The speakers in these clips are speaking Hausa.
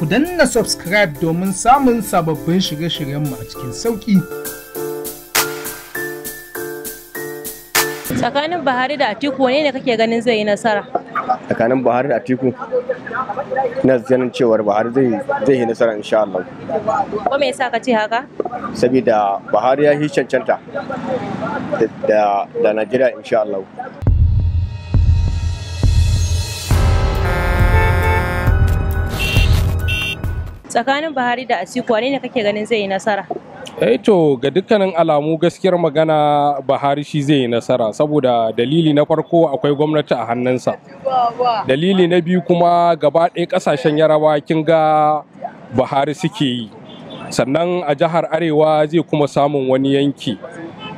ku danna subscribe domin samun sababbin shirye-shiryenmu a cikin sauƙi. Tsakanin Buhari da Atiku wane ne kake ganin zai yi nasara? Tsakanin Buhari da Atiku ina zanen cewar Buhari zai yi nasara insha Allah. Ko me yasa ka ce haka? Saboda Buhari ya yi cancanta da Najeriya insha Allah. tsakanin Buhari da Atiku wane ne kake ganin zai yi nasara? Eh to ga dukkanin alamu gaskiyar magana Buhari shi zai yi nasara saboda dalili na farko akwai gwamnati a hannunsa. Dalili na biyu kuma gaba ɗaya ƙasashen yarawa kin ga Buhari suke yi. Sannan a jihar Arewa zai kuma samun wani yanki.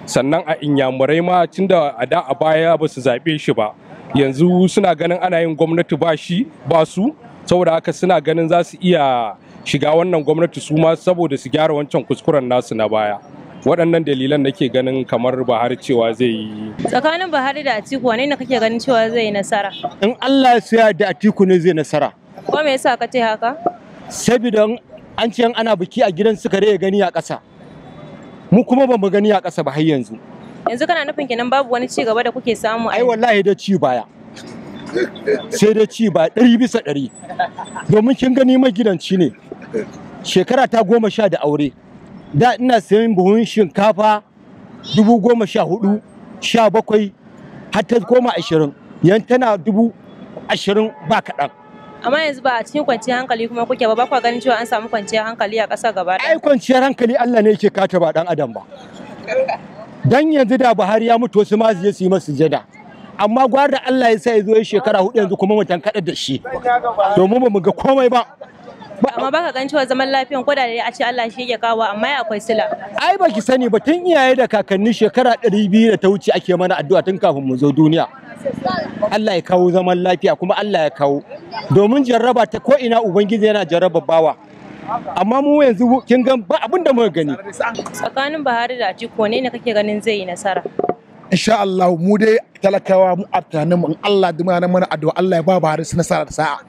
Sannan a Inyamurai ma tunda a da a baya ba su zaɓe shi ba. Yanzu suna ganin ana yin gwamnati ba shi ba su saboda haka suna ganin za su iya shiga wannan gwamnati su ma saboda su gyara wancan kuskuren nasu na baya waɗannan dalilan nake ganin kamar Buhari cewa zai yi. Tsakanin Buhari da Atiku wane ne kake ganin cewa zai yi nasara? In Allah ya da Atiku ne zai nasara. Ko me yasa ka ce haka? Saboda an ce ana biki a gidan suka ya gani a ƙasa. Mu kuma ba mu gani a ƙasa ba har yanzu. Yanzu kana nufin kenan babu wani ci gaba da kuke samu. Ai wallahi da ci baya. Sai da ci ba ɗari bisa ɗari. Domin kin gani magidanci ne. shekara ta goma sha da aure da ina sayan buhun shinkafa dubu goma sha hudu sha bakwai har ta koma ashirin yan tana dubu ashirin ba kaɗan amma yanzu ba a cikin kwanciyar hankali kuma kuke ba ba kwa ganin cewa an samu kwanciyar hankali a ƙasa gaba ai kwanciyar hankali Allah ne yake kata ba dan adam ba dan yanzu da Buhari ya mutu wasu ma su je su yi masa jada amma gwara da Allah ya sa ya zo ya shekara hudu yanzu kuma mutan kaɗa da shi domin ba mu ga komai ba amma baka gan cewa zaman lafiyan ko da dai a ce Allah shi yake kawo amma akwai sila ai baki sani ba tun iyaye da kakanni shekara 200 da ta wuce ake mana addu'a tun kafin mu zo duniya Allah ya kawo zaman lafiya kuma Allah ya kawo domin jarraba ta ko ina ubangiji yana jarraba bawa amma mu yanzu kin ga ba da muka gani tsakanin Buhari da Atiku ne ne kake ganin zai yi nasara insha Allah mu dai talakawa mu a tunanin mu in Allah da mana mana addu'a Allah ya ba ba harisu na da sa'a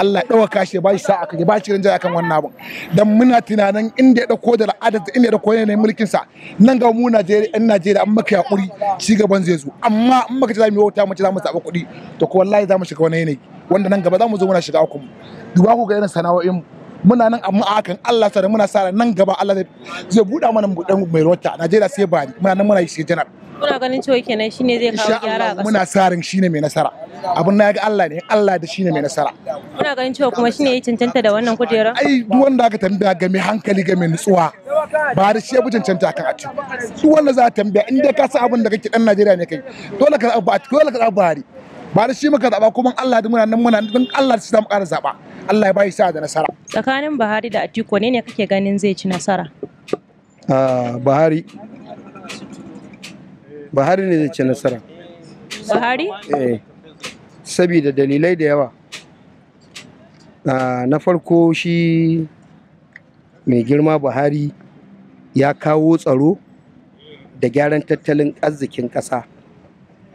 Allah ya dauka shi ya ba shi sa'a kaje ba shi rinjaya kan wannan abun dan muna tunanin inda ya dauko da al'ada inda ya dauko ne mulkin sa nan ga mu Najeriya ɗan Najeriya an maka yakuri ci gaban zai zo amma in maka ce za mu yi mu ce za mu saba kuɗi to ko wallahi za mu shiga wani yanayi wanda nan gaba za mu zo muna shiga hukumu duba ku ga irin sana'o'in mu muna nan amma a kan Allah sa da muna sa nan gaba Allah zai buɗa mana buɗan mai rota Najeriya sai ba muna nan muna yi shi janar kuna ganin cewa kenan shine zai kawo gyara a muna sa ran shine mai nasara abin na ga Allah ne Allah da shine mai nasara kuna ganin cewa kuma shine ya cancanta da wannan kujera ai duk wanda aka tambaya ga mai hankali ga mai nutsuwa ba da shi ya bi cancanta kan atu duk wanda za a tambaya in dai ka san abin da kake dan Najeriya ne kai dole ka zaɓa dole ka zaɓa Buhari ba da shi muka zaɓa kuma Allah da muna nan muna dan Allah shi mu ƙara zaɓa Allah ya bai sa da nasara tsakanin Buhari da Atiku ne ne kake ganin zai ci nasara ah, Buhari Buhari ne zai ci nasara. Buhari? Eh. Sabida dalilai da yawa. Ah, na farko shi mai girma Buhari ya kawo tsaro da gyaran tattalin arzikin ƙasa.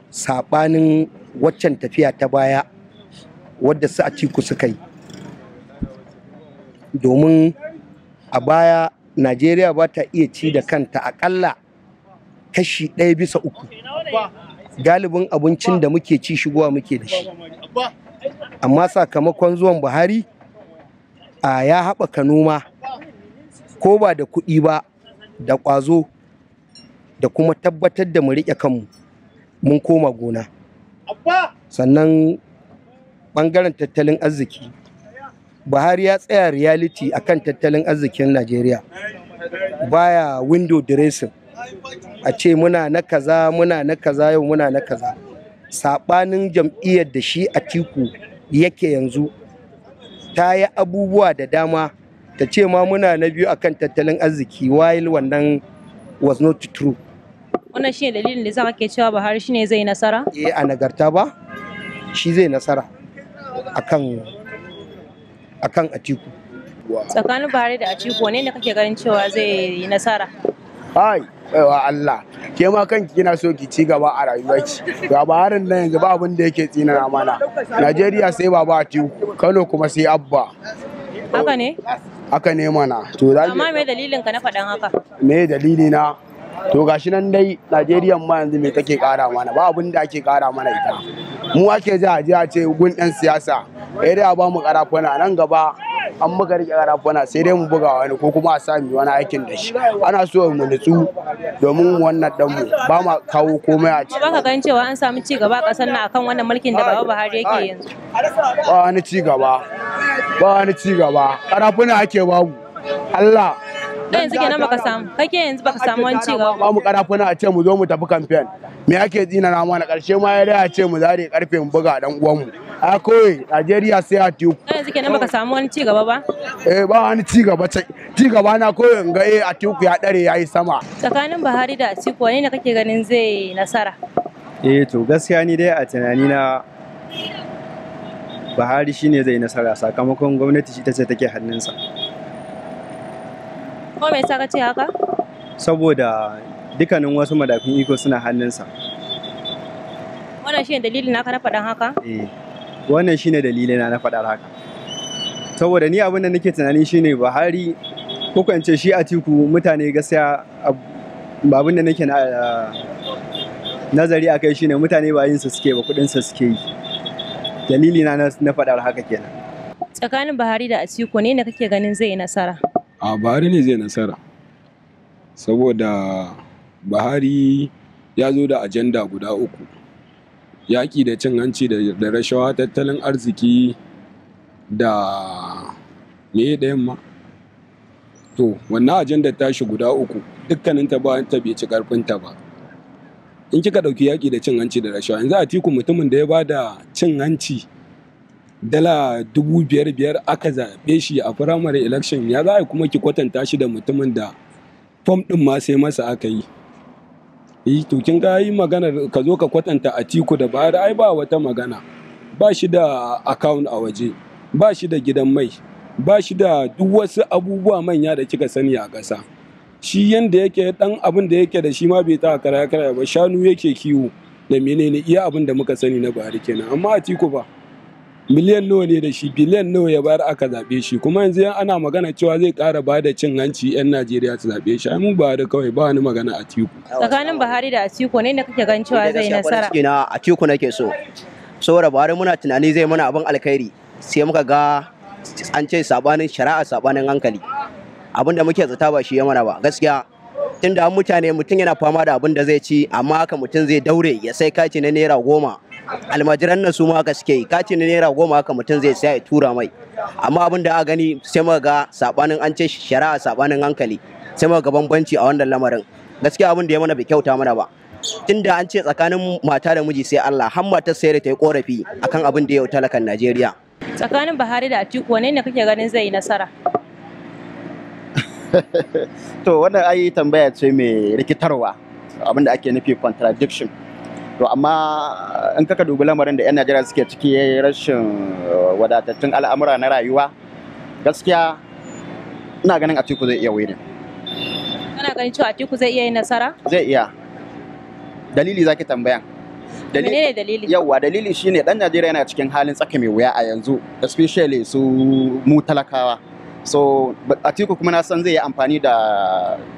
Saɓanin waccan tafiya ta baya wadda su a ciku suka yi. Domin a baya Najeriya ba ta iya ci da kanta akalla kashi ɗaya bisa uku galibin abincin da muke ci shigowa muke da shi amma sakamakon zuwan buhari a ya haɓaka noma ko ba da kuɗi ba da ƙwazo da kuma tabbatar da mu riƙe kanmu mun koma gona sannan ɓangaren tattalin arziki buhari ya tsaya reality akan tattalin arzikin najeriya baya window dressing a ce muna na kaza muna na kaza yau muna na kaza saɓanin jam'iyyar da shi a tiku yake yanzu ta yi abubuwa da dama ta ce ma muna na biyu akan tattalin arziki while wannan was not true wannan shi ne dalilin da ka ke cewa Buhari ne zai nasara eh a nagarta ba shi zai nasara akan akan Atiku tsakanin Buhari da Atiku ne ne kake ganin cewa zai yi nasara ai wa Allah ke ma kanki kina so ki ci gaba a rayuwarki ga harin nan yanzu ba abin da yake tsinana mana Najeriya sai baba Atiku Kano kuma sai Abba haka ne haka ne mana to za amma me dalilin ka na faɗan haka me dalili na to gashi nan dai Najeriya ma yanzu me take ƙara mana ba abin da ake ƙara mana ita mu ake ji a ce gun ɗan siyasa eh da ba mu ƙarafuna nan gaba an buga rike karafuna sai dai mu buga wani ko kuma a sami wani aikin da shi ana so mu nutsu domin wannan danmu ba ma kawo komai a ciki baka gan cewa an samu ci gaba kasar nan akan wannan mulkin da Baba Buhari yake yanzu ba wani ci gaba ba wani ci gaba karafuna ake babu Allah kai yanzu kenan baka samu kake yanzu baka samu wani ci gaba ba mu karafuna a ce mu zo mu tafi campaign me ake tsina na mana karshe ma ya daya ce mu zare karfe mu buga dan uwan mu a koyi Najeriya sai a tiku kai yanzu kenan baka samu wani ci gaba ba eh ba wani ci gaba ce. ci gaba na koyi in ga eh a tiku ya dare yayi sama tsakanin Buhari da Atiku wani ne kake ganin zai nasara eh to gaskiya ni dai a tunanina Buhari shine zai nasara sakamakon gwamnati ita ce take hannunsa. Ko me yasa kace haka? Saboda dukkanin wasu madafin iko suna hannunsa. Wannan shine dalilin naka na faɗan haka? Eh. Wannan shine dalilina na faɗar haka. Saboda ni abin da nake tunani shine Buhari ko kan ce shi Atiku mutane gaskiya abin da nake nazari a kai shine mutane ba yin su suke ba kudin su suke yi. Dalili na na faɗar haka kenan. Tsakanin Buhari da Atiku ne ne kake ganin zai yi nasara? A bahari ne zai nasara. Saboda bahari ya zo da ajanda guda uku. Yaƙi da cin hanci da rashawa, tattalin arziki da me ɗayan ma. To, wannan ajandar tashi guda uku dukkaninta ba ta bai ci ƙarfinta ba. In kika ɗauki yaƙi da cin hanci da rashawa, yanzu Atiku mutumin da ya ba da cin hanci dala dubu biyar biyar aka zaɓe shi a firamare election ya za a kuma ki kwatanta shi da mutumin da fom ɗin ma sai masa aka yi yi eh, to kin ga yi magana ka zo ka kwatanta a tiku da bahar ai ba wata magana ba shi da account a waje ba shi da gidan mai ba shi da duk wasu abubuwa manya da kika sani a ƙasa shi yanda yake dan abin da yake da shi ma bai ta karaya karaya ba shanu yake kiwo da menene iya abin da muka sani na bari kenan amma a tiku ba miliyan nawa ne da shi biliyan nawa ya bayar aka zaɓe shi kuma yanzu ana magana cewa zai ƙara ba da cin hanci 'yan najeriya su zaɓe shi mu ba da kawai ba wani magana a tiku tsakanin buhari da atiku ne da kake gan cewa zai nasara na atiku nake so saboda buhari muna tunani zai mana abin alkhairi sai muka ga an ce sabanin shari'a sabanin hankali abin da muke zata ba shi ya mana ba gaskiya tunda mutane mutum yana fama da abin da zai ci amma haka mutum zai daure ya sai kaci na naira goma almajiran nan su ma haka suke yi kaci naira goma haka mutum zai saya ya tura mai amma abin da aka gani sai muka ga sabanin an ce shari'a sabanin hankali sai muka ga bambanci a wannan lamarin gaskiya abin da ya mana bai kyauta mana ba tunda an ce tsakanin mata da miji sai Allah har matar sai ta yi korafi akan abin da ya talakan Najeriya tsakanin Buhari da Atiku wane ne kake ganin zai yi nasara to wannan ayi tambaya ce mai rikitarwa abin da ake nufi contradiction to amma eh, in kaka dubi lamarin da 'yan najeriya suke ciki rashin eh, wadatattun al'amura na rayuwa gaskiya ina ganin atiku zai iya wani kana ganin cewa atiku zai iya yin nasara zai iya dalili zaki tambaya Menene dalili? yawa dalili shine dan Najeriya yana cikin halin tsaka mai wuya a yanzu, especially su mu talakawa. So Atiku kuma na san zai yi amfani da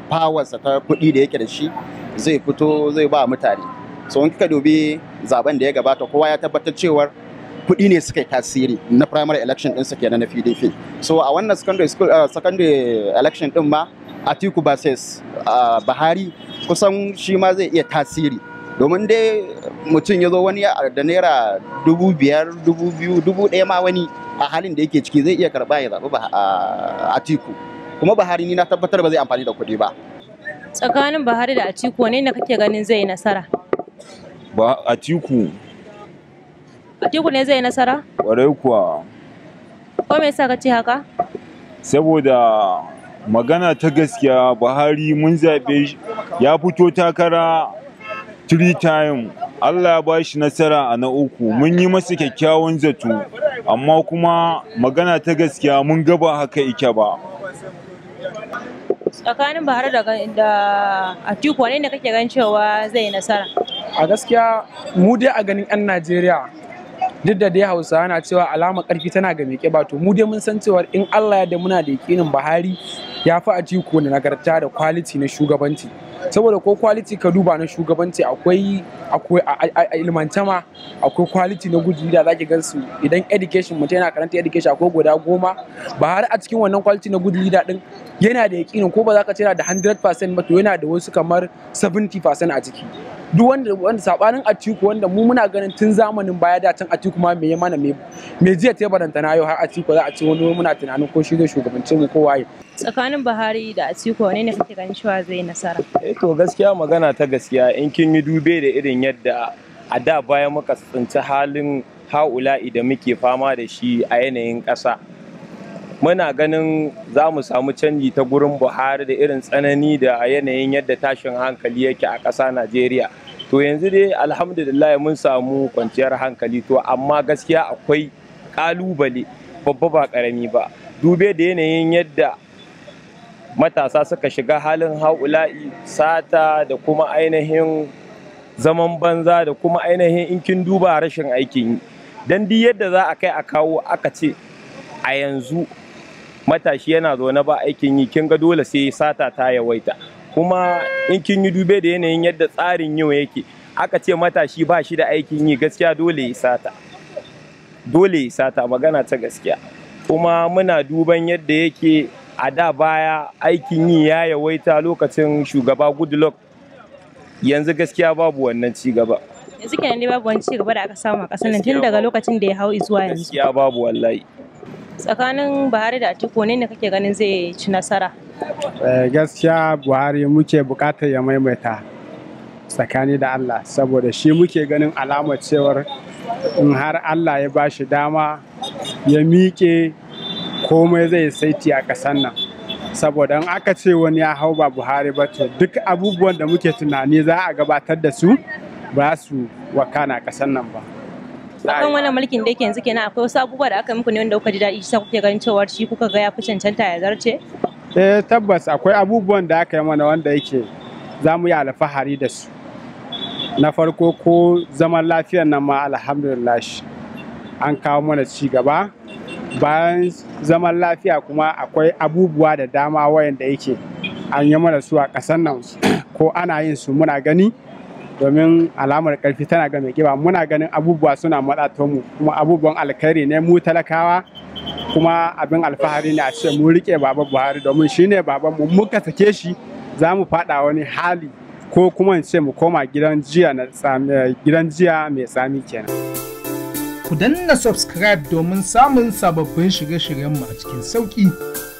powers ta kuɗi da yake da shi zai fito zai ba mutane. so in kika dubi zaben da ya gabata kowa ya tabbatar cewar kuɗi ne suka yi tasiri na primary election din su kenan na PDP so a wannan secondary school uh, secondary election ɗin ma Atiku Bases uh, Bahari kusan shi ma zai iya tasiri domin dai mutum ya zo wani da naira dubu biyar dubu biyu dubu ɗaya ma wani a halin da yake ciki zai iya karba ya zaɓi uh, Atiku kuma Bahari ni na tabbatar ba zai amfani da kuɗi ba tsakanin Bahari da Atiku wane ne kake ganin zai nasara ba Atiku Atiku ne zai nasara ƙwarai kuwa ko me yasa kace haka saboda magana ta gaskiya Buhari mun zabe ya fito takara three time Allah ya ba shi nasara a na uku mun yi masa kyakkyawan zato amma kuma magana ta gaskiya mun gaba haka ike ba tsakanin Buhari da Atiku wane ne kake gan cewa zai nasara a gaskiya mu dai a ganin 'yan najeriya duk da dai hausa na cewa alama karfi tana ga mai ba to mu dai mun san cewa in allah ya da muna da yakinin bahari ya fi jiko na nagarta da kwaliti na shugabanci saboda ko kwaliti ka duba na shugabanci akwai a ilmantama akwai kwaliti na gudu da zaki gan su idan education mutum yana karanta education akwai guda goma ba har a cikin wannan kwaliti na gudu leader din yana da yakinin ko ba za ka ce yana da 100% ba to yana da wasu kamar 70% a ciki duk wanda wanda sabanin Atiku wanda mu muna ganin tun zamanin baya da tun Atiku ma me ya me me jiya ta baranta na yau har Atiku za a ce wani muna tunanin ko shi zai shugabancin mu ko waye tsakanin Buhari da Atiku wane ne kake ganin cewa zai nasara eh to gaskiya magana ta gaskiya in kin yi dube da irin yadda a da baya muka tsinci halin ha'ula da muke fama da shi a yanayin ƙasa muna ganin za mu samu canji ta gurin buhari da irin tsanani da yanayin yadda tashin hankali yake a ƙasa najeriya to yanzu dai alhamdulillah mun samu kwanciyar hankali to amma gaskiya akwai kalubale babba ba karami ba dube da yanayin yadda matasa suka shiga halin haula'i sata da kuma ainihin zaman banza da kuma ainihin in kin duba rashin aikin yi don duk yadda za a kai a kawo aka ce a yanzu matashi yana zaune ba aikin yi kin ga dole sai sata ta yawaita kuma in kin yi dube da yanayin yadda tsarin yau yake aka ce matashi ba shi da aikin yi gaskiya dole ya sata dole ya sata magana ta gaskiya kuma muna duban yadda yake a da baya aikin yi ya yawaita lokacin shugaba goodluck yanzu gaskiya babu wannan ci gaba yanzu kenan dai babu wani ci gaba da aka samu a ƙasar nan tun daga lokacin da ya hau zuwa yanzu gaskiya babu wallahi tsakanin Buhari da Atiku ne ne kake ganin zai ci nasara Eh, gaskiya buhari muke bukatar ya maimaita tsakani da allah saboda shi muke ganin alamar cewar in har allah ya ba shi dama ya miƙe komai zai saiti a ƙasar nan saboda in aka ce wani ya hau ba buhari ba to duk abubuwan da muke tunani za a gabatar da su ba su wakana ƙasar nan ba akan wannan mulkin da yake yanzu kenan akwai wasu abubuwa da aka muku ne wanda kuka ji daɗi sa kuke ganin cewa shi kuka ga ya fi cancanta ya zarce eh tabbas akwai abubuwan da aka yi mana wanda yake za mu yi alfahari da su na farko ko zaman lafiyar nan ma alhamdulillah an kawo mana ci gaba bayan zaman lafiya kuma akwai abubuwa da dama wayanda yake an yi mana su a ƙasar nan ko ana yin su muna gani domin alamar ƙarfi tana ga mai kiba muna ganin abubuwa suna maɗato mu kuma abubuwan alkhairi ne mu talakawa kuma abin alfahari ne a ce mun rike baba buhari domin shine baban mu muka sake shi za mu fada wani hali ko kuma ce mu koma gidan jiya eh, gidan jiya mai tsami kenan ku danna subscribe domin samun sababbin shirye shiryen mu a cikin sauki